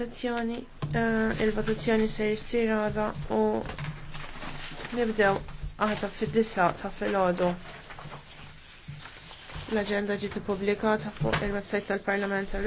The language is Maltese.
sezzjoni eh, il-votazzjoni se jissir għada u nibdew għada fid-disa ta' fil-ħodu. L-agenda ġiet publikata fuq il-website tal-Parlament